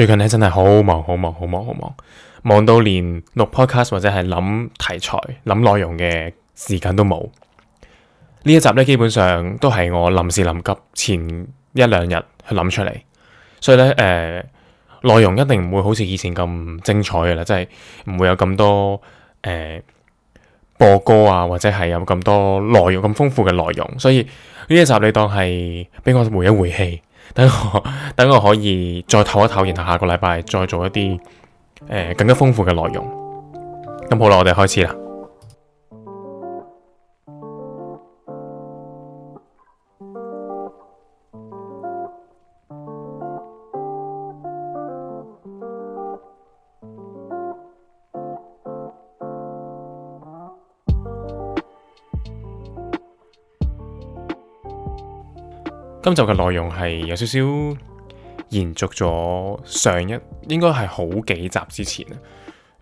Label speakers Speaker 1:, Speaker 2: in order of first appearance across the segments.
Speaker 1: .最近咧真係好忙，好忙，好忙，好忙，忙到連錄 podcast 或者係諗題材、諗內容嘅時間都冇。呢一集咧，基本上都係我臨時臨急前一兩日去諗出嚟，所以咧，誒、呃，內容一定唔會好似以前咁精彩嘅啦，即係唔會有咁多誒、呃、播歌啊，或者係有咁多內容咁豐富嘅內容。所以呢一集你當係俾我回一回氣。等我，等我可以再唞一唞，然後下個禮拜再做一啲誒、呃、更加豐富嘅內容。咁好啦，我哋開始啦。今集嘅內容係有少少延續咗上一，應該係好幾集之前啊。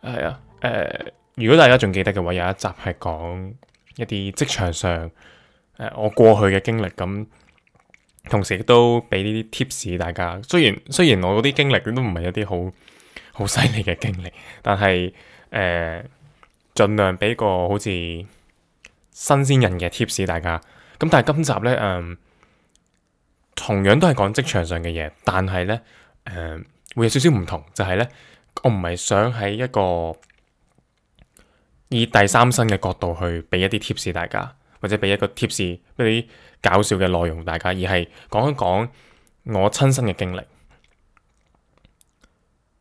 Speaker 1: 係、呃、啊，誒、呃，如果大家仲記得嘅話，有一集係講一啲職場上誒、呃、我過去嘅經歷咁、嗯，同時亦都俾呢啲 tips 大家。雖然雖然我嗰啲經歷都唔係一啲好好犀利嘅經歷，但係誒，盡、呃、量俾個好似新鮮人嘅 tips 大家。咁、嗯、但係今集呢。嗯。同樣都係講職場上嘅嘢，但係呢誒、呃、會有少少唔同，就係、是、呢，我唔係想喺一個以第三身嘅角度去俾一啲 tips 大家，或者俾一個 tips，俾啲搞笑嘅內容大家，而係講一講我親身嘅經歷。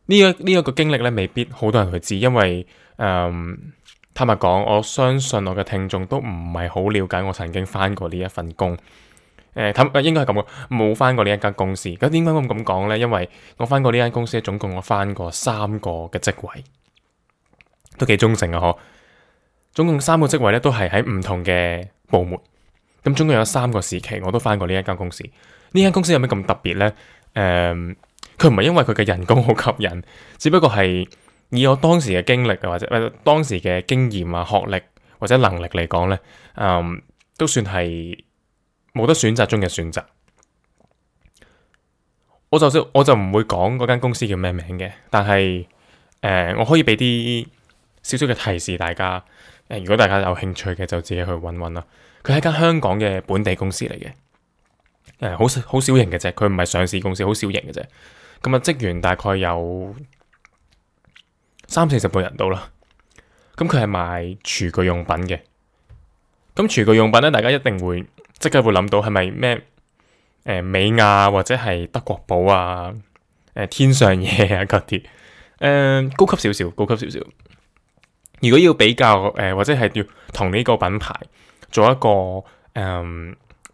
Speaker 1: 呢一呢一個經歷咧，未必好多人去知，因為誒、呃，坦白講，我相信我嘅聽眾都唔係好了解我曾經返過呢一份工。誒，咁應該係咁嘅，冇返過呢一間公司。咁點解我咁講咧？因為我返過呢間公司，總共我返過三個嘅職位，都幾忠誠啊！嗬，總共三個職位咧，都係喺唔同嘅部門。咁總共有三個時期，我都返過呢一間公司。呢間公司有咩咁特別咧？誒，佢唔係因為佢嘅人工好吸引，只不過係以我當時嘅經歷啊，或者當時嘅經驗啊、學歷或者能力嚟講咧，嗯，都算係。冇得選擇中嘅選擇，我就算我就唔會講嗰間公司叫咩名嘅，但係誒、呃、我可以俾啲少少嘅提示大家，誒、呃、如果大家有興趣嘅就自己去揾揾啦。佢係間香港嘅本地公司嚟嘅，誒好好小型嘅啫，佢唔係上市公司，好小型嘅啫。咁、嗯、啊，職員大概有三四十個人到啦。咁佢係賣廚具用品嘅，咁、嗯、廚具用品咧，大家一定會。即刻會諗到係咪咩？誒、呃、美亞或者係德國寶啊、誒、呃、天上嘢啊嗰啲誒高級少少，高級少少。如果要比較誒、呃，或者係要同呢個品牌做一個誒、呃、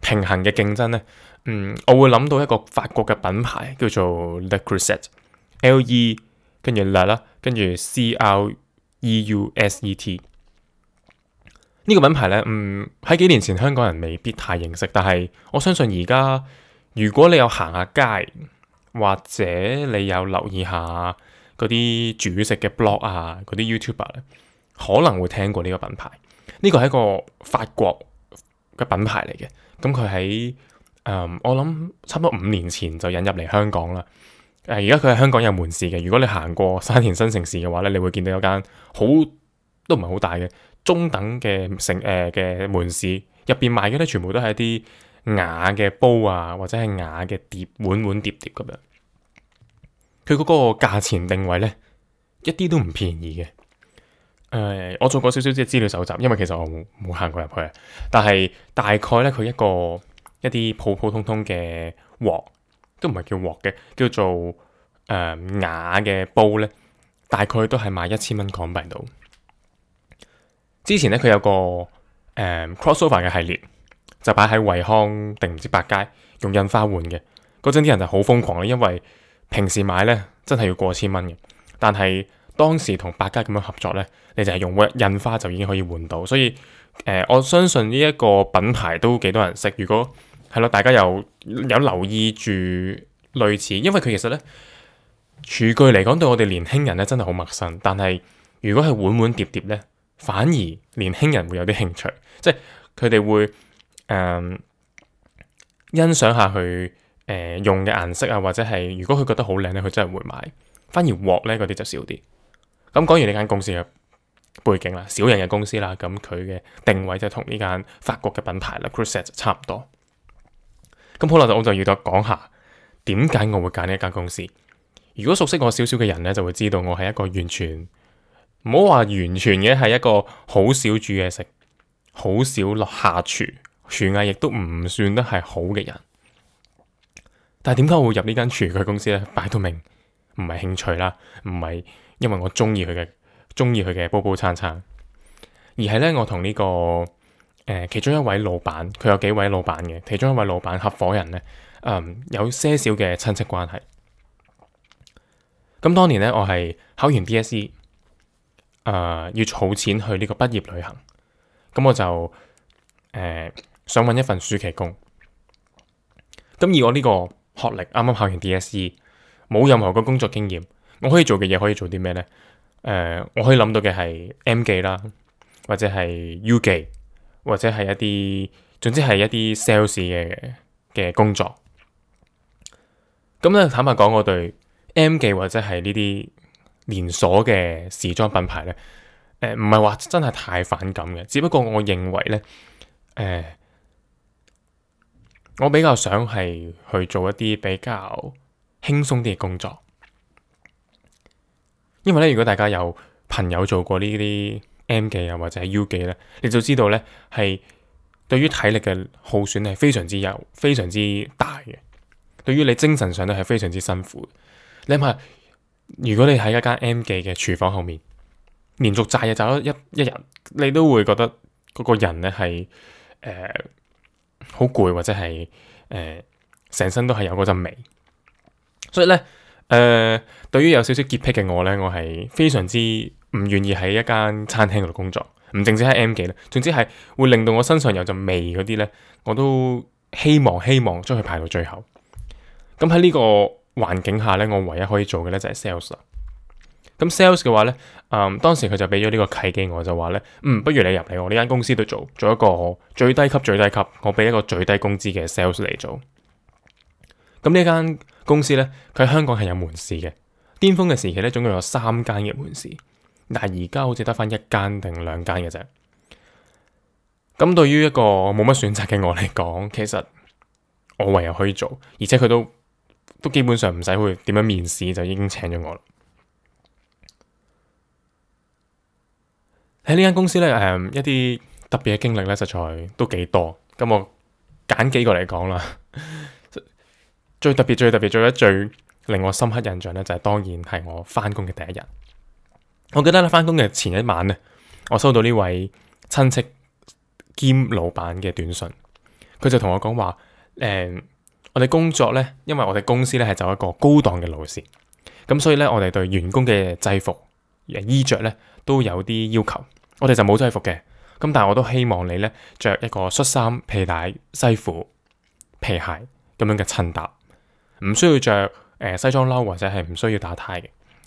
Speaker 1: 平衡嘅競爭咧，嗯，我會諗到一個法國嘅品牌叫做 Le Creuset，L-E 跟住 L 啦，跟住 C-R-E-U-S-E-T。呢個品牌呢，嗯，喺幾年前香港人未必太認識，但係我相信而家如果你有行下街，或者你有留意下嗰啲煮食嘅 blog 啊，嗰啲 YouTuber 咧，可能會聽過呢個品牌。呢個係一個法國嘅品牌嚟嘅，咁佢喺，我諗差唔多五年前就引入嚟香港啦。而家佢喺香港有門市嘅。如果你行過沙田新城市嘅話呢，你會見到有間好都唔係好大嘅。中等嘅成誒嘅、呃、門市入邊賣嘅啲全部都係一啲瓦嘅煲啊，或者係瓦嘅碟碗碗碟碟咁樣。佢嗰個價錢定位呢，一啲都唔便宜嘅。誒、呃，我做過少少啲資料搜集，因為其實我冇行過入去。但係大概呢，佢一個一啲普普通通嘅鑊都唔係叫鑊嘅，叫做誒、呃、瓦嘅煲呢，大概都係賣一千蚊港幣到。之前咧，佢有個誒、嗯、Crossover 嘅系列，就擺喺惠康定唔知百佳用印花換嘅嗰陣，啲人就好瘋狂咧。因為平時買咧真係要過千蚊嘅，但係當時同百佳咁樣合作咧，你就係用印花就已經可以換到。所以誒、呃，我相信呢一個品牌都幾多人識。如果係咯，大家有有留意住類似，因為佢其實咧廚具嚟講對我哋年輕人咧真係好陌生，但係如果係碗碗碟碟咧。反而年輕人會有啲興趣，即係佢哋會誒、呃、欣賞下佢誒、呃、用嘅顏色啊，或者係如果佢覺得好靚咧，佢真係會買。反而鑊咧，嗰啲就少啲。咁講完呢間公司嘅背景啦，小型嘅公司啦，咁佢嘅定位就同呢間法國嘅品牌 Le Creuset 差唔多。咁好啦，我就要再講下點解我會揀呢間公司。如果熟悉我少少嘅人咧，就會知道我係一個完全。唔好話，完全嘅係一個好少煮嘢食、好少落下廚廚藝，亦都唔算得係好嘅人。但係點解我會入呢間廚具公司呢？擺到明，唔係興趣啦，唔係因為我中意佢嘅中意佢嘅煲煲餐餐，而係呢，我同呢、這個誒、呃、其中一位老闆，佢有幾位老闆嘅其中一位老闆合伙人呢，嗯、有些少嘅親戚關係。咁當年呢，我係考完 DSE。誒，uh, 要儲錢去呢個畢業旅行，咁我就誒、呃、想揾一份暑期工。咁以我呢個學歷，啱啱考完 DSE，冇任何個工作經驗，我可以做嘅嘢可以做啲咩呢？誒、呃，我可以諗到嘅係 M 記啦，或者係 U 記，或者係一啲，總之係一啲 sales 嘅嘅工作。咁咧，坦白講，我對 M 記或者係呢啲。連鎖嘅時裝品牌咧，誒唔係話真係太反感嘅，只不過我認為咧，誒、呃、我比較想係去做一啲比較輕鬆啲嘅工作，因為咧，如果大家有朋友做過呢啲 M 記啊或者 U 記咧，你就知道咧係對於體力嘅耗損係非常之有、非常之大嘅，對於你精神上咧係非常之辛苦。你諗下。如果你喺一間 M 記嘅廚房後面連續炸嘢，炸咗一一日，你都會覺得嗰個人咧係誒好攰，或者係誒成身都係有嗰陣味，所以咧誒、呃、對於有少少潔癖嘅我咧，我係非常之唔願意喺一間餐廳度工作，唔淨止喺 M 記啦，總之係會令到我身上有陣味嗰啲咧，我都希望希望將佢排到最後。咁喺呢個。環境下咧，我唯一可以做嘅咧就係、是、sales 啦。咁 sales 嘅話咧，嗯，當時佢就俾咗呢個契機，我就話咧，嗯，不如你入嚟我呢間公司度做，做一個最低級最低級，我俾一個最低工資嘅 sales 嚟做。咁呢間公司咧，佢喺香港係有門市嘅，巔峰嘅時期咧，總共有三間嘅門市，但係而家好似得返一間定兩間嘅啫。咁對於一個冇乜選擇嘅我嚟講，其實我唯有可以做，而且佢都。都基本上唔使去點樣面試就已經請咗我啦。喺呢間公司咧，誒、嗯、一啲特別嘅經歷咧，實在都幾多。咁我揀幾個嚟講啦。 最特別、最特別、最一最令我深刻印象咧，就係、是、當然係我返工嘅第一日。我記得咧，返工嘅前一晚咧，我收到呢位親戚兼老闆嘅短信，佢就同我講話，誒、嗯。我哋工作呢，因為我哋公司呢係走一個高檔嘅路線，咁所以呢，我哋對員工嘅制服、衣着呢都有啲要求。我哋就冇制服嘅，咁但係我都希望你呢着一個恤衫、皮帶、西褲、皮鞋咁樣嘅襯搭，唔需要着誒、呃、西裝褸或者係唔需要打呔嘅，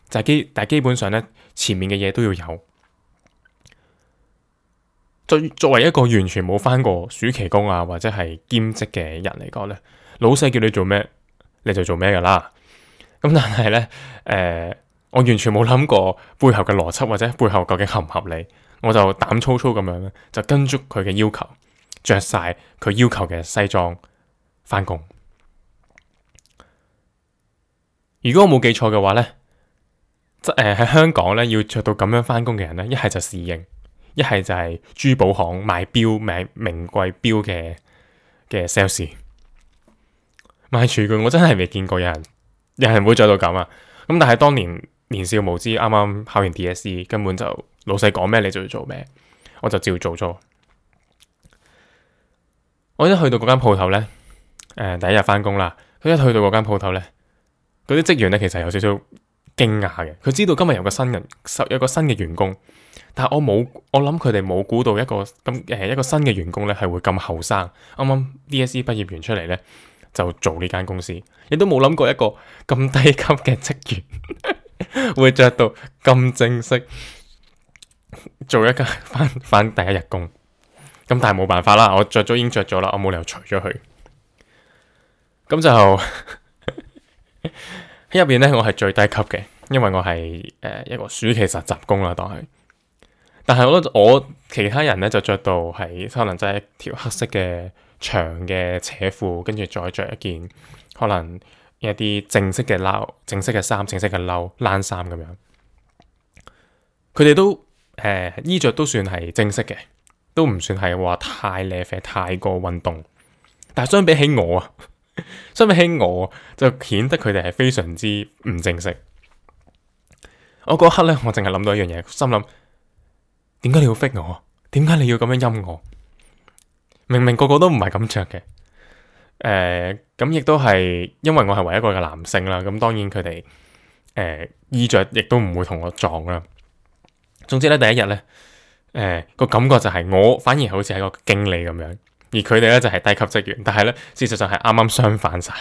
Speaker 1: 就基但係基本上呢，前面嘅嘢都要有。作作為一個完全冇返過暑期工啊或者係兼職嘅人嚟講咧，老細叫你做咩你就做咩㗎喇。咁但係咧，誒、呃、我完全冇諗過背後嘅邏輯或者背後究竟合唔合理，我就膽粗粗咁樣咧就跟足佢嘅要求，着晒佢要求嘅西裝返工。如果我冇記錯嘅話咧，即誒喺、呃、香港咧要着到咁樣返工嘅人咧，一係就侍應。一係就係珠寶行賣表、名名貴表嘅嘅 sales，賣廚具我真係未見過有人，有人會做到咁啊！咁、嗯、但係當年年少無知，啱啱考完 DSE，根本就老細講咩你就要做咩，我就照做咗。我一去到嗰間鋪頭呢、呃，第一日翻工啦，佢一去到嗰間鋪頭呢，嗰啲職員呢，其實有少少驚訝嘅，佢知道今日有個新人，十有個新嘅員工。但我冇，我諗佢哋冇估到一個咁誒，一個新嘅員工咧係會咁後生，啱啱 DSE 畢業完出嚟咧就做呢間公司，亦都冇諗過一個咁低級嘅職員會着到咁正式，做一間返返第一日工。咁但係冇辦法啦，我着咗已經着咗啦，我冇理由除咗佢。咁就喺入邊咧，我係最低級嘅，因為我係誒一個暑期實習工啦，當係。但係我，我其他人咧就着到係可能就係條黑色嘅長嘅扯褲，跟住再着一件可能一啲正式嘅褸，正式嘅衫、呃、正式嘅褸、冷衫咁樣。佢哋都誒衣着，都算係正式嘅，都唔算係話太靚 fit 太過運動。但係相比起我啊， 相比起我就顯得佢哋係非常之唔正式。我嗰刻咧，我淨係諗到一樣嘢，心諗。點解你要逼我？點解你要咁樣陰我？明明個個都唔係咁着嘅。誒、呃，咁亦都係因為我係唯一一個嘅男性啦。咁當然佢哋誒衣着亦都唔會同我撞啦。總之咧，第一日咧，誒、呃、個感覺就係我反而好似係個經理咁樣，而佢哋咧就係低級職員。但係咧，事實上係啱啱相反晒。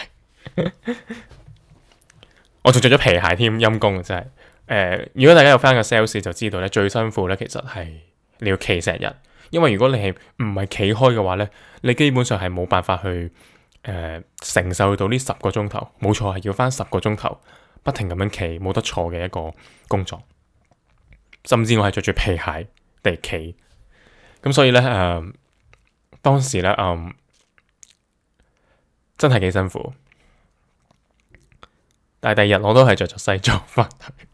Speaker 1: 我仲着咗皮鞋添，陰公啊，真、就、係、是。誒、呃，如果大家有翻個 sales 就知道咧，最辛苦咧其實係你要企成日，因為如果你係唔係企開嘅話咧，你基本上係冇辦法去誒、呃、承受到呢十個鐘頭。冇錯，係要翻十個鐘頭，不停咁樣企，冇得坐嘅一個工作，甚至我係着住皮鞋地企咁。所以咧，誒、呃，當時咧，嗯、呃、真係幾辛苦，但係第二日我都係着着西裝翻去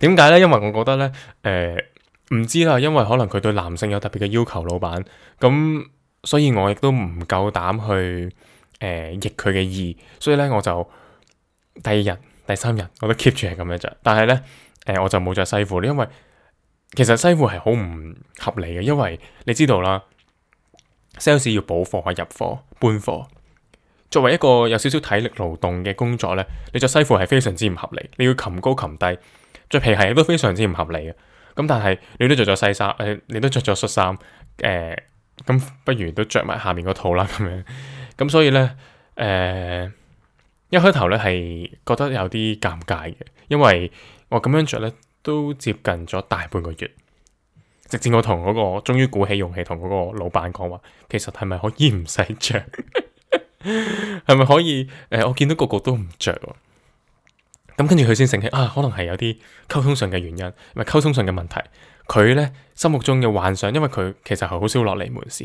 Speaker 1: 點解咧？因為我覺得咧，誒、呃，唔知啦，因為可能佢對男性有特別嘅要求，老闆，咁所以我亦都唔夠膽去誒、呃、逆佢嘅意，所以咧我就第二日、第三日我都 keep 住係咁樣啫。但係咧，誒、呃，我就冇着西褲，因為其實西褲係好唔合理嘅，因為你知道啦，sales 要補貨呀、入貨、搬貨。作為一個有少少體力勞動嘅工作呢，你着西褲係非常之唔合理，你要擒高擒低，着皮鞋都非常之唔合理嘅。咁但係你都着咗西衫，誒、呃，你都着咗恤衫，誒、呃，咁不如都着埋下面嗰套啦，咁樣。咁所以呢，誒、呃，一開頭呢係覺得有啲尷尬嘅，因為我咁樣着呢都接近咗大半個月，直至我同嗰個終於鼓起勇氣同嗰個老闆講話，「其實係咪可以唔使着？ 」係咪 可以？誒、呃，我見到個個都唔着、啊，咁跟住佢先醒起，啊，可能係有啲溝通上嘅原因，唔係溝通上嘅問題。佢呢心目中嘅幻想，因為佢其實係好少落嚟門市，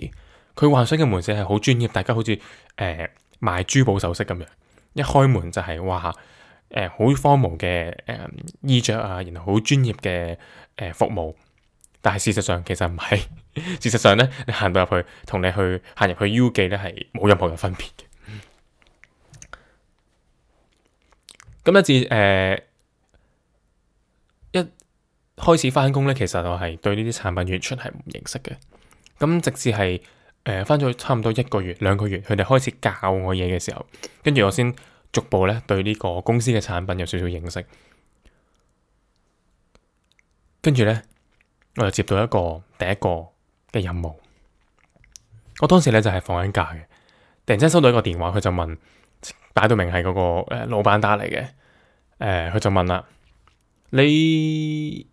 Speaker 1: 佢幻想嘅門市係好專業，大家好似誒賣珠寶首飾咁樣，一開門就係、是、哇，誒、呃、好荒蕪嘅、呃、衣着啊，然後好專業嘅、呃、服務，但係事實上其實唔係， 事實上呢，你行到入去，同你去行入去 U 記呢係冇任何嘅分別嘅。咁一至，誒、呃、一開始翻工咧，其實我係對呢啲產品完全係唔認識嘅。咁直至係誒翻咗差唔多一個月、兩個月，佢哋開始教我嘢嘅時候，跟住我先逐步咧對呢個公司嘅產品有少少認識。跟住咧，我又接到一個第一個嘅任務。我當時咧就係放緊假嘅，突然間收到一個電話，佢就問，擺到明係嗰個老闆打嚟嘅。誒，佢、呃、就問啦，你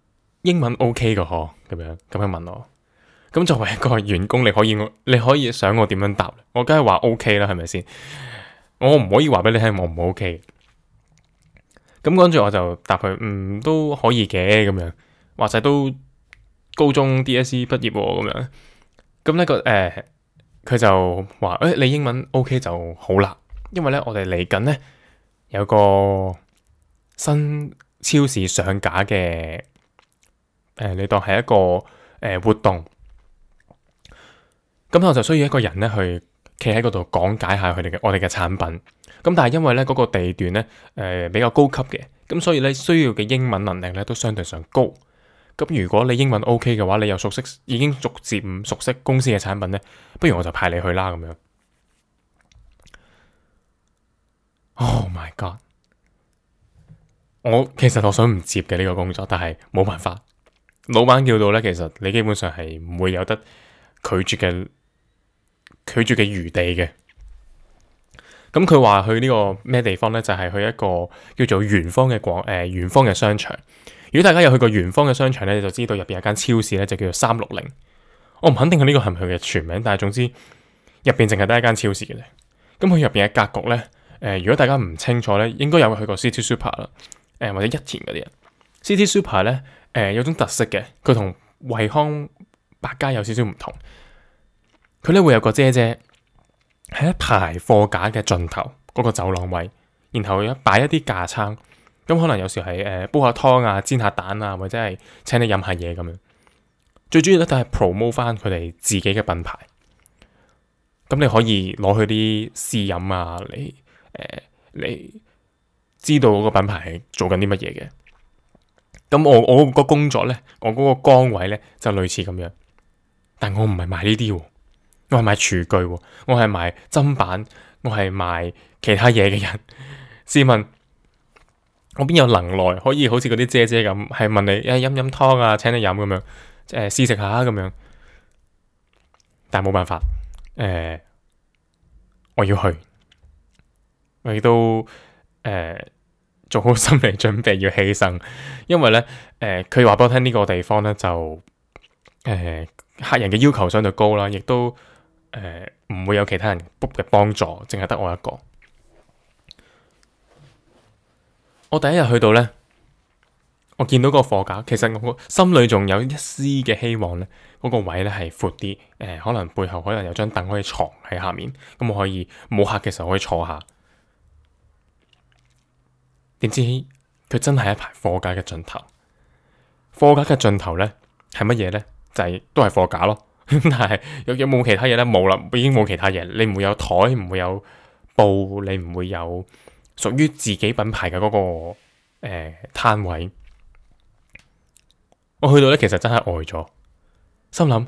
Speaker 1: 英文 OK 嘅嗬？咁樣咁樣問我，咁作為一個員工，你可以你可以想我點樣答？我梗係話 OK 啦，係咪先？我唔可以話俾你聽，我唔 OK。咁跟住我就答佢，嗯，都可以嘅咁樣，話晒都高中 DSE 畢業喎、啊、咁樣。咁、那、呢個誒，佢、呃、就話誒、欸，你英文 OK 就好啦，因為咧，我哋嚟緊咧有個新超市上架嘅，誒、呃，你當係一個誒、呃、活動，咁我就需要一個人咧去企喺嗰度講解下佢哋嘅我哋嘅產品。咁但係因為咧嗰、那個地段咧，誒、呃、比較高級嘅，咁所以咧需要嘅英文能力咧都相對上高。咁如果你英文 OK 嘅話，你又熟悉，已經逐漸熟悉公司嘅產品咧，不如我就派你去啦咁樣。Oh my god！我其實我想唔接嘅呢、這個工作，但係冇辦法。老闆叫到呢，其實你基本上係唔會有得拒絕嘅拒絕嘅餘地嘅。咁佢話去呢個咩地方呢？就係、是、去一個叫做元芳嘅廣誒元芳嘅商場。如果大家有去過元芳嘅商場呢，你就知道入邊有間超市呢，就叫做三六零。我唔肯定佢呢個係唔係佢嘅全名，但係總之入邊淨係得一間超市嘅啫。咁佢入邊嘅格局呢，誒、呃、如果大家唔清楚呢，應該有去過 City Super 啦。誒或者一田嗰啲人，City Super 咧，誒、呃、有種特色嘅，佢同惠康百佳有少少唔同。佢咧，會有個姐姐喺一排貨架嘅盡頭嗰，那個走廊位，然後擺一啲架撐，咁可能有時係誒、呃、煲下湯啊、煎下蛋啊，或者係請你飲下嘢咁樣。最主要咧，就係 promote 翻佢哋自己嘅品牌。咁你可以攞去啲試飲啊，你誒、呃、你。知道嗰個品牌係做緊啲乜嘢嘅？咁我我個工作咧，我嗰個崗位咧就類似咁樣，但我唔係賣呢啲，我係賣廚具、哦，我係賣砧板，我係賣其他嘢嘅人。 試問我邊有能耐可以好似嗰啲姐姐咁，係問你誒飲飲湯啊，請你飲咁樣誒、呃、試食下咁樣？但係冇辦法，誒、呃、我要去我亦都誒。我做好心理準備要犧牲，因為咧，誒、呃，佢話俾我聽呢個地方咧就誒、呃、客人嘅要求相對高啦，亦都誒唔、呃、會有其他人 book 嘅幫助，淨係得我一個。我第一日去到咧，我見到個貨架，其實我心裏仲有一絲嘅希望咧，嗰、那個位咧係闊啲，誒、呃，可能背後可能有張凳可以藏喺下面，咁我可以冇客嘅時候可以坐下。點知佢真係一排貨架嘅盡頭，貨架嘅盡頭呢，係乜嘢呢？就係、是、都係貨架咯。 但係有冇其他嘢呢？冇啦，已經冇其他嘢。你唔會有台，唔會有布，你唔會有屬於自己品牌嘅嗰、那個誒攤、呃、位。我去到呢，其實真係呆咗，心諗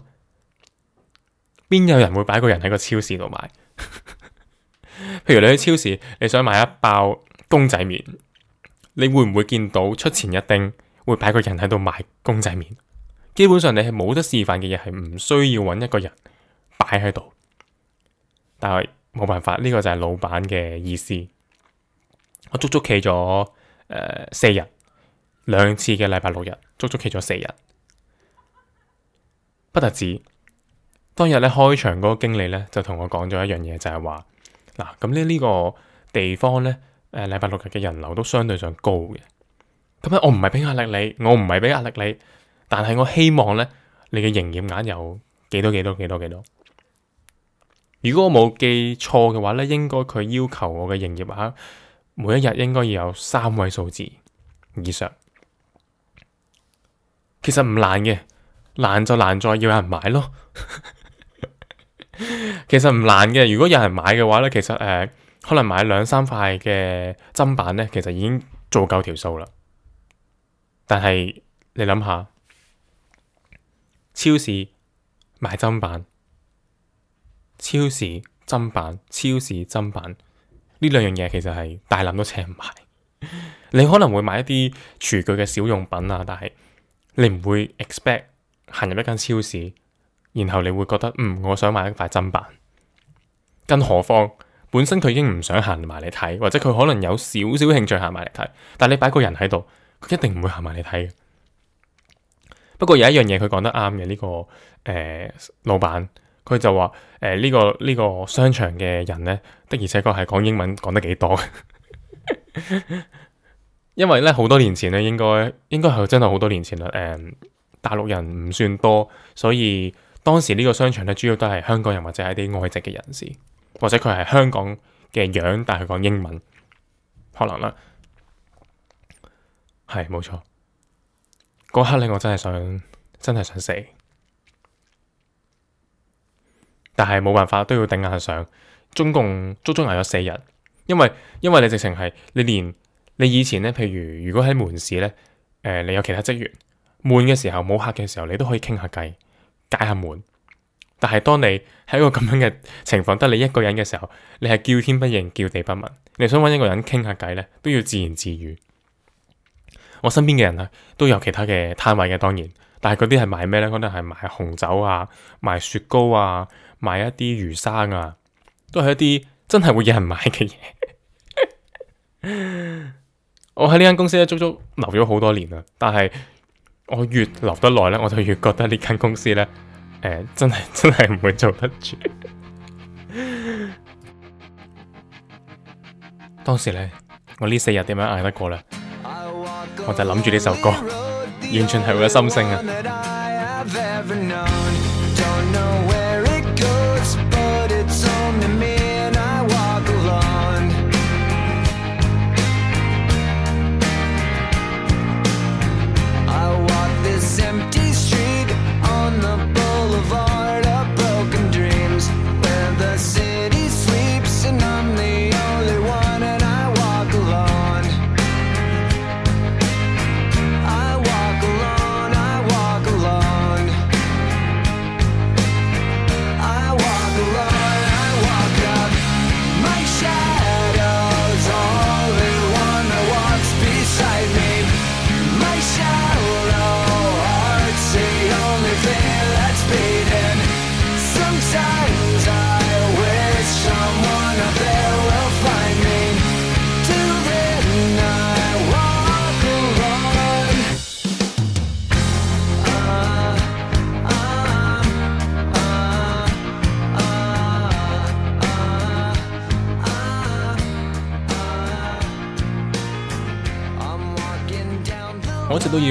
Speaker 1: 邊有人會擺個人喺個超市度買？ 譬如你喺超市，你想買一包公仔麵。你會唔會見到出前一丁會擺個人喺度賣公仔麵？基本上你係冇得示範嘅嘢，係唔需要揾一個人擺喺度。但係冇辦法，呢、這個就係老闆嘅意思。我足足企咗誒四日，兩次嘅禮拜六日，足足企咗四日，不得止。當日咧開場嗰個經理咧就同我講咗一樣嘢，就係話嗱，咁呢呢個地方咧。誒禮拜六日嘅人流都相對上高嘅，咁咧我唔係俾壓力你，我唔係俾壓力你，但係我希望咧你嘅營業額有幾多幾多幾多幾多少。如果我冇記錯嘅話咧，應該佢要求我嘅營業額每一日應該要有三位數字以上。其實唔難嘅，難就難在要有人買咯。 其實唔難嘅，如果有人買嘅話咧，其實誒。呃可能買兩三塊嘅砧板呢，其實已經做夠條數啦。但係你諗下，超市買砧板，超市砧板，超市砧板，呢兩樣嘢其實係大纜都扯唔埋。 你可能會買一啲廚具嘅小用品啊，但係你唔會 expect 行入一間超市，然後你會覺得，嗯，我想買一塊砧板，更何況。本身佢已經唔想行埋嚟睇，或者佢可能有少少興趣行埋嚟睇，但你擺個人喺度，佢一定唔會行埋嚟睇。不過有一樣嘢佢講得啱嘅，呢個誒、呃、老闆佢就話誒呢個呢個商場嘅人呢，的而且確係講英文講得幾多。 因為呢好多年前呢，應該應該係真係好多年前啦。誒、嗯、大陸人唔算多，所以當時呢個商場呢，主要都係香港人或者係啲外籍嘅人士。或者佢係香港嘅樣，但佢講英文，可能啦，係冇錯。嗰刻咧，我真係想，真係想死，但係冇辦法，都要頂硬上。中共足足挨咗四日，因為因為你直情係你連你以前咧，譬如如果喺門市咧，誒、呃、你有其他職員悶嘅時候，冇客嘅時候，你都可以傾下偈，解下悶。但係，當你喺一個咁樣嘅情況，得你一個人嘅時候，你係叫天不應，叫地不聞。你想揾一個人傾下偈呢，都要自言自語。我身邊嘅人咧都有其他嘅攤位嘅，當然，但係嗰啲係賣咩呢？可能係賣紅酒啊，賣雪糕啊，賣一啲魚生啊，都係一啲真係會有人買嘅嘢。 我喺呢間公司咧，足足留咗好多年啦。但係我越留得耐呢，我就越覺得呢間公司呢，誒、呃，真係真係唔會做得住。 當時咧，我呢四日點樣捱得過咧？我就諗住呢首歌，完全係我嘅心聲啊！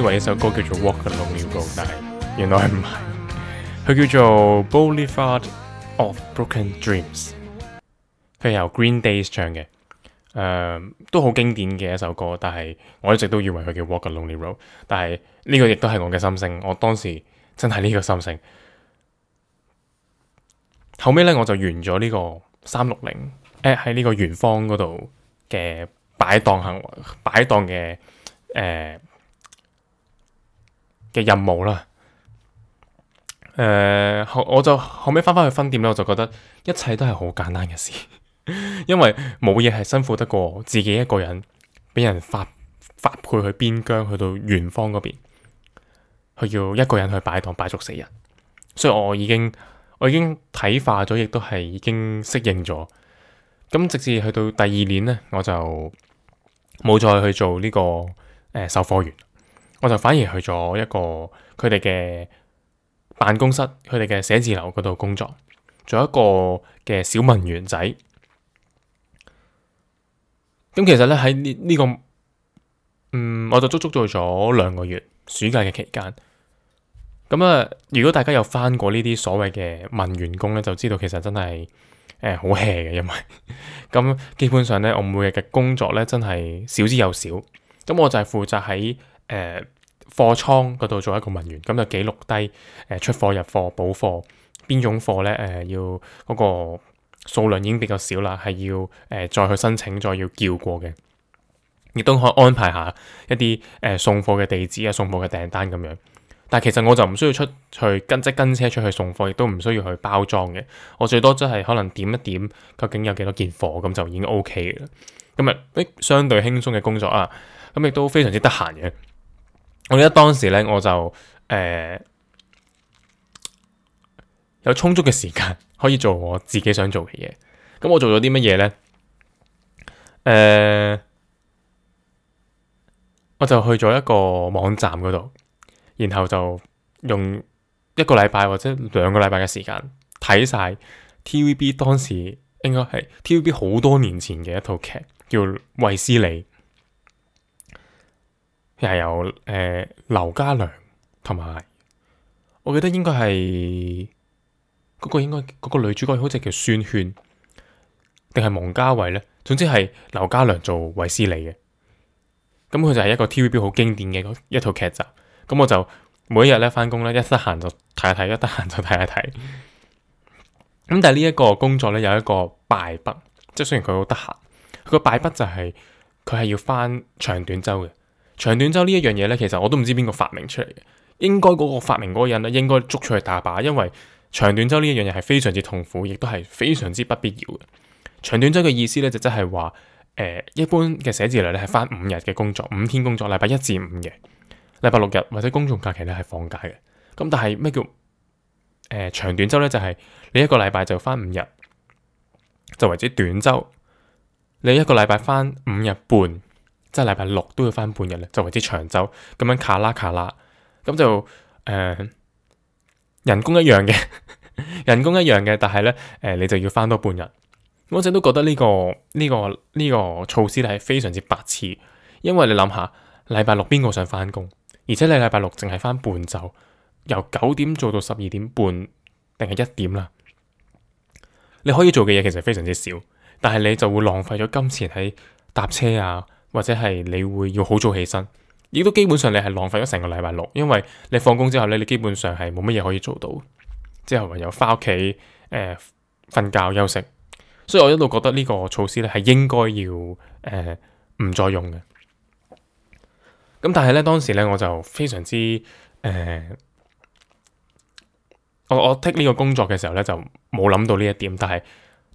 Speaker 1: 以為一首歌叫做《Walk a Lonely Road》，但係原來係唔係佢叫做《Boulevard of Broken Dreams》。佢由 Green Days 唱嘅，誒、呃、都好經典嘅一首歌。但係我一直都以為佢叫《Walk a Lonely Road》，但係呢個亦都係我嘅心聲。我當時真係呢個心聲。後尾呢，我就完咗呢個三六零誒，喺呢個圓方嗰度嘅擺檔行擺檔嘅誒。嘅任務啦，誒、uh, 後我就後尾翻返去分店咧，我就覺得一切都係好簡單嘅事， 因為冇嘢係辛苦得過自己一個人，俾人發發配去邊疆，去到遠方嗰邊，佢要一個人去擺檔擺足四日，所以我已經我已經體化咗，亦都係已經適應咗。咁直至去到第二年呢，我就冇再去做呢、這個誒售貨員。我就反而去咗一個佢哋嘅辦公室，佢哋嘅寫字樓嗰度工作，做一個嘅小文員仔。咁、嗯、其實咧喺呢呢、這個，嗯，我就足足做咗兩個月暑假嘅期間。咁、嗯、啊，如果大家有返過呢啲所謂嘅文員工咧，就知道其實真係誒好 hea 嘅，因為咁、 嗯、基本上咧，我每日嘅工作咧真係少之又少。咁、嗯、我就係負責喺。誒，貨倉嗰度做一個文員，咁就記錄低誒出貨入貨補貨邊種貨咧？誒、呃，要嗰個數量已經比較少啦，係要誒、呃、再去申請，再要叫過嘅，亦都可以安排一下一啲誒、呃、送貨嘅地址啊，送貨嘅訂單咁樣。但其實我就唔需要出去跟即跟車出去送貨，亦都唔需要去包裝嘅。我最多即係可能點一點究竟有幾多件貨咁就已經 OK 嘅啦。咁啊，相對輕鬆嘅工作啊，咁亦都非常之得閒嘅。我記得當時咧，我就誒、呃、有充足嘅時間可以做我自己想做嘅嘢。咁我做咗啲乜嘢咧？誒、呃，我就去咗一個網站嗰度，然後就用一個禮拜或者兩個禮拜嘅時間睇晒 TVB 當時應該係 TVB 好多年前嘅一套劇，叫《衛斯理》。又係由誒、劉家良同埋，我記得應該係嗰個應該、嗰個女主角好，好似叫宣萱定係蒙嘉慧咧。總之係劉家良做衛斯理嘅，咁佢就係一個 TVB 好經典嘅一套劇集。咁我就每一日咧返工咧，一得閒就睇一睇，一得閒就睇一睇。咁但係呢一個工作咧，有一個敗筆，即係雖然佢好得閒，佢個敗筆就係佢係要返長短周嘅。長短週呢一樣嘢呢，其實我都唔知邊個發明出嚟嘅，應該嗰個發明嗰個人咧，應該捉出去打靶，因為長短週呢一樣嘢係非常之痛苦，亦都係非常之不必要嘅。長短週嘅意思呢，就即係話，誒、呃、一般嘅寫字樓咧係返五日嘅工作，五天工作，禮拜一至五嘅，禮拜六日或者公眾假期咧係放假嘅。咁但係咩叫誒、呃、長短週呢？就係、是、你一個禮拜就返五日，就為之短週；你一個禮拜返五日半。即係禮拜六都要翻半日咧，就為之長晝咁樣，卡啦卡啦咁，就誒，人工一樣嘅，人工一樣嘅， 但係咧，誒，你就要翻多半日。我一直都覺得呢個呢個呢個措施係非常之白痴，因為你諗下禮拜六邊個想翻工？而且你禮拜六淨係翻半晝，由九點做到十二點半定係一點啦，你可以做嘅嘢其實非常之少，但係你就會浪費咗金錢喺搭車啊。或者係你會要好早起身，亦都基本上你係浪費咗成個禮拜六，因為你放工之後咧，你基本上係冇乜嘢可以做到，之後唯有翻屋企誒瞓覺休息。所以我一度覺得呢個措施咧係應該要誒唔、呃、再用嘅。咁但係咧當時咧我就非常之誒、呃，我我 take 呢個工作嘅時候咧就冇諗到呢一點，但係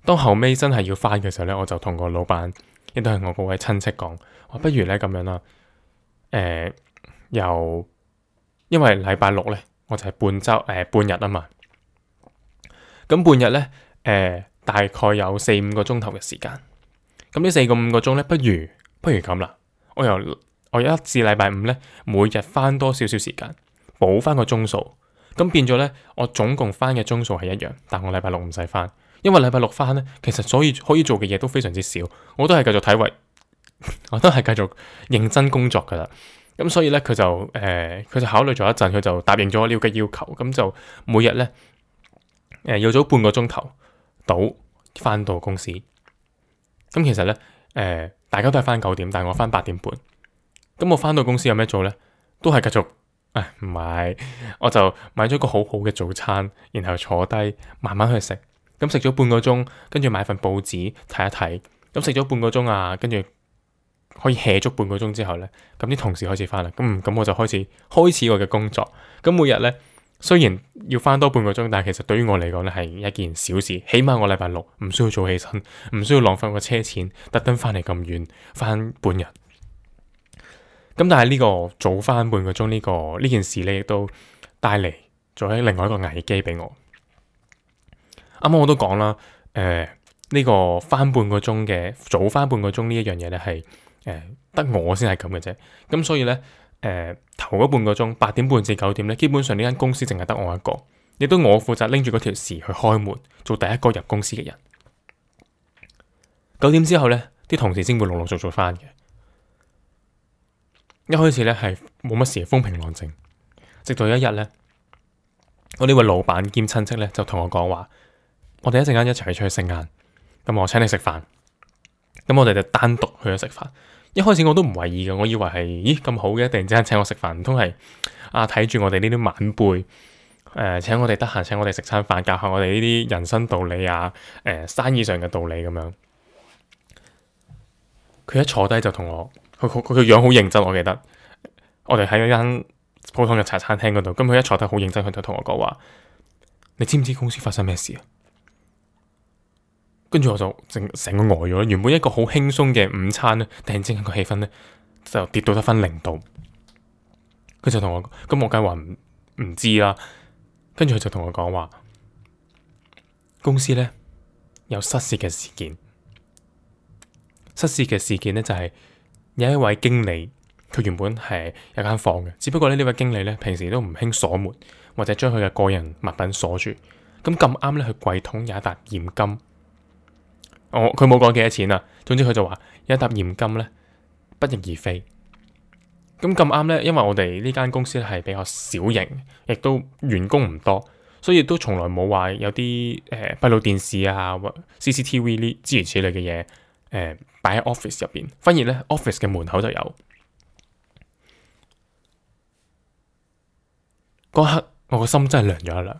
Speaker 1: 當後尾真係要翻嘅時候咧，我就同個老闆。亦都係我嗰位親戚講，我不如咧咁樣啦，誒、呃，由因為禮拜六咧，我就係半周誒、呃、半日啊嘛，咁半日咧，誒、呃、大概有四五個鐘頭嘅時間，咁呢四個五個鐘咧，不如不如咁啦，我由我一至禮拜五咧，每日返多少少時間，補返個鐘數，咁變咗咧，我總共返嘅鐘數係一樣，但我禮拜六唔使返。因為禮拜六翻咧，其實所以可以做嘅嘢都非常之少，我都係繼續體會， 我都係繼續認真工作噶啦。咁所以咧，佢就誒，佢、呃、就考慮咗一陣，佢就答應咗我呢個要求，咁就每日咧，誒、呃，要早半個鐘頭到翻到公司。咁其實咧，誒、呃，大家都係翻九點，但係我翻八點半。咁我翻到公司有咩做咧？都係繼續，誒、哎，唔係，我就買咗一個好好嘅早餐，然後坐低慢慢去食。咁食咗半個鐘，跟住買份報紙睇一睇。咁食咗半個鐘啊，跟住可以歇足半個鐘之後呢，咁啲同事開始翻啦。嗯，咁我就開始開始我嘅工作。咁每日呢，雖然要翻多半個鐘，但係其實對於我嚟講呢，係一件小事。起碼我禮拜六唔需要早起身，唔需要浪費我車錢，特登翻嚟咁遠，翻半日。咁但係呢、呢個早翻半個鐘呢、呢個呢件事呢，亦都帶嚟咗喺另外一個危機俾我。啱啱我都講啦，誒、呃、呢、這個翻半個鐘嘅早翻半個鐘呢一樣嘢咧，係誒、呃、得我先係咁嘅啫。咁所以咧，誒、呃、頭嗰半個鐘八點半至九點咧，基本上呢間公司淨係得我一個，亦都我負責拎住嗰條匙去開門，做第一個入公司嘅人。九點之後咧，啲同事先會陸陸續續翻嘅。一開始咧係冇乜事，風平浪靜。直到有一日咧，我呢位老闆兼親戚咧就同我講話。我哋一陣間一齊出去食晏，咁我請你食飯，咁我哋就單獨去咗食飯。一開始我都唔為意嘅，我以為係咦，咁好嘅？突然之間請我食飯，都係啊，睇住我哋呢啲晚輩，誒、呃、請我哋得閒請我哋食餐飯，教下我哋呢啲人生道理啊，誒、呃、生意上嘅道理咁樣。佢一坐低就同我，佢佢佢樣好認真，我記得。我哋喺一間普通嘅茶餐廳嗰度，咁佢一坐低好認真，佢就同我講話，你知唔知公司發生咩事啊？跟住我就整成個呆咗。原本一個好輕鬆嘅午餐咧，突然之間個氣氛咧就跌到得返零度。佢就同我咁、嗯，我梗係話唔唔知啦。跟住佢就同我講話，公司咧有失竊嘅事件。失竊嘅事件咧就係、是、有一位經理，佢原本係有間房嘅，只不過咧呢位經理咧平時都唔興鎖門或者將佢嘅個人物品鎖住。咁咁啱咧，佢櫃桶有一沓現金。哦，佢冇講幾多錢啊，總之佢就話一沓現金咧不翼而飛。咁咁啱咧，因為我哋呢間公司咧係比較小型，亦都員工唔多，所以都從來冇話有啲誒、呃、閉路電視啊、CCTV 呢諸如此類嘅嘢誒擺喺 office 入邊，反而咧 office 嘅門口就有。嗰刻我個心真係涼咗一涼，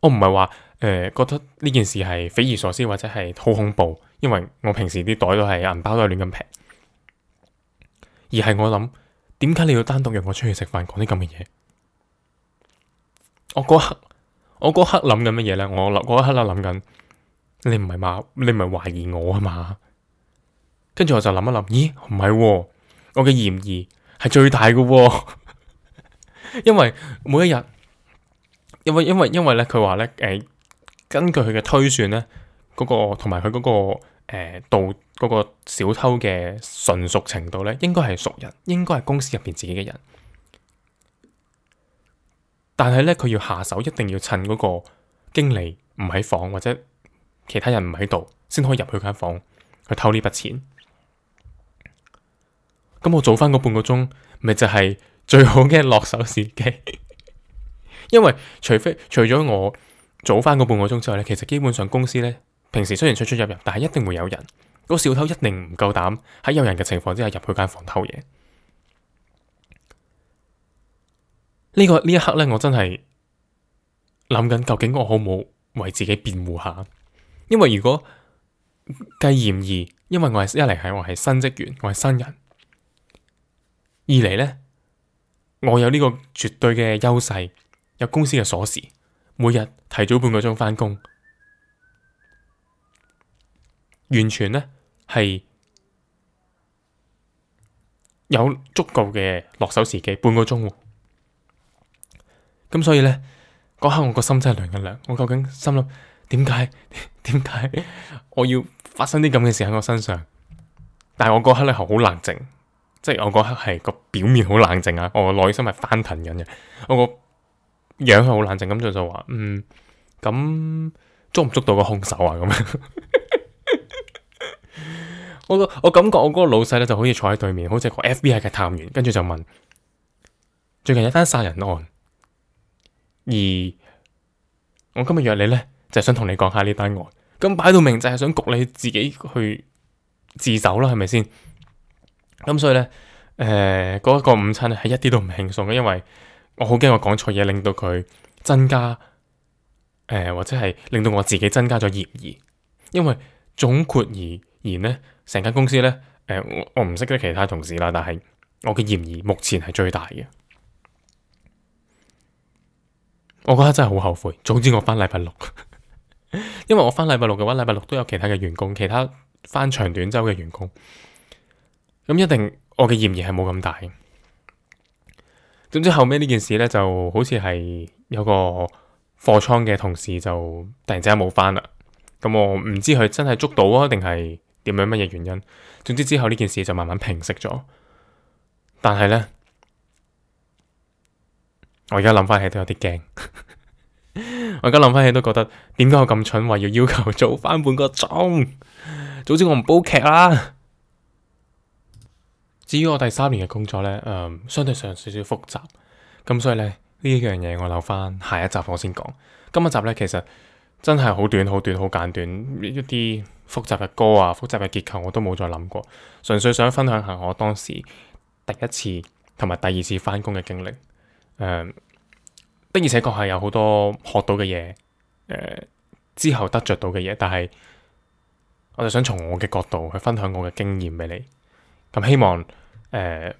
Speaker 1: 我唔係話。誒、呃，覺得呢件事係匪夷所思或者係好恐怖，因為我平時啲袋都係銀包都係亂咁平。而係我諗，點解你要單獨約我出去食飯講啲咁嘅嘢？我嗰刻，我嗰刻諗緊乜嘢咧？我嗰一刻咧諗緊，你唔係嘛？你唔係懷疑我啊嘛？跟住我就諗一諗，咦？唔係、哦，我嘅嫌疑係最大噶、哦， 因為每一日，因為因為因為咧，佢話咧誒。欸根據佢嘅推算呢嗰、那個同埋佢嗰個誒、呃、道、那個、小偷嘅純熟程度呢應該係熟人，應該係公司入邊自己嘅人。但係呢，佢要下手一定要趁嗰個經理唔喺房或者其他人唔喺度，先可以入去間房去偷呢筆錢。咁我早返個半個鐘，咪就係、是、最好嘅落手時機。 因為除非除咗我。早翻個半個鐘之後呢其實基本上公司呢，平時雖然出出入入，但係一定會有人。個小偷一定唔夠膽喺有人嘅情況之下入去間房偷嘢。呢個呢一刻呢，我真係諗緊究竟我好冇為自己辯護下？因為如果計嫌疑，因為我係一嚟係我係新職員，我係新人；二嚟呢，我有呢個絕對嘅優勢，有公司嘅鎖匙。每日提早半個鐘翻工，完全呢係有足夠嘅落手時機，半個鐘。咁所以呢，嗰刻我個心真係涼一涼。我究竟心諗，點解點解我要發生啲咁嘅事喺我身上？但係我嗰刻咧係好冷靜，即係我嗰刻係個表面好冷靜啊，我內心係翻騰緊嘅。我個樣係好冷靜，咁就就話嗯，咁捉唔捉到個凶手啊？咁樣，我個我感覺我嗰個老細咧，就好似坐喺對面，好似個 FBI 嘅探員，跟住就問最近有一單殺人案，而我今日約你咧，就係想同你講下呢單案，咁擺到明就係想焗你自己去自首啦，係咪先？咁所以咧，誒，嗰一個午餐咧係一啲都唔輕鬆嘅，因為。我好驚我講錯嘢，令到佢增加，誒、呃、或者係令到我自己增加咗嫌疑，因為總括而言呢，呢成間公司呢，誒、呃、我唔識得其他同事啦，但係我嘅嫌疑目前係最大嘅。我覺得真係好後悔，總之，我翻禮拜六， 因為我翻禮拜六嘅話，禮拜六都有其他嘅員工，其他翻長短周嘅員工，咁一定我嘅嫌疑係冇咁大。總之後尾呢件事呢，就好似係有個貨倉嘅同事就突然之間冇翻。啦。咁我唔知佢真係捉到啊，定係點樣乜嘢原因？總之之後呢件事就慢慢平息咗。但係呢，我而家諗翻起都有啲驚。 我而家諗翻起都覺得，點解我咁蠢，話要要求早翻半個鐘？早知我唔煲劇啦。至於我第三年嘅工作呢，誒、嗯，相對上少少複雜，咁所以呢，呢一樣嘢我留返下，下一集我先講。今一集呢，其實真係好短、好短、好簡短，一啲複雜嘅歌啊、複雜嘅結構我都冇再諗過，純粹想分享下我當時第一次同埋第二次返工嘅經歷、嗯，的而且確係有好多學到嘅嘢、呃，之後得着到嘅嘢，但係我就想從我嘅角度去分享我嘅經驗俾你，咁希望。誒，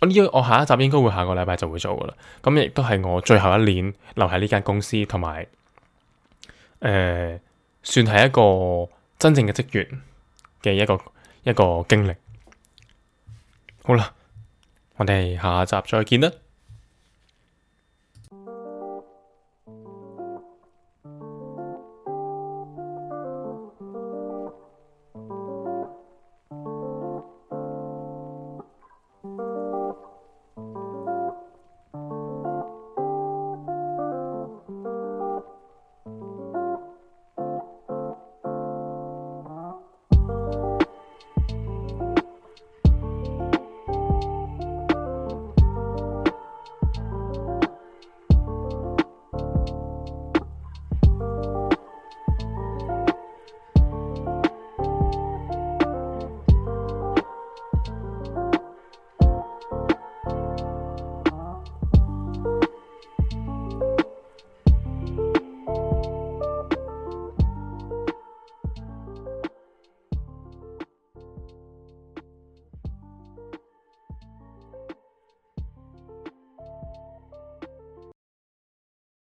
Speaker 1: 我呢個我下一集應該會下個禮拜就會做㗎喇。咁亦都係我最後一年留喺呢間公司，同埋誒算係一個真正嘅職員嘅一個一個經歷。好啦，我哋下一集再見啦。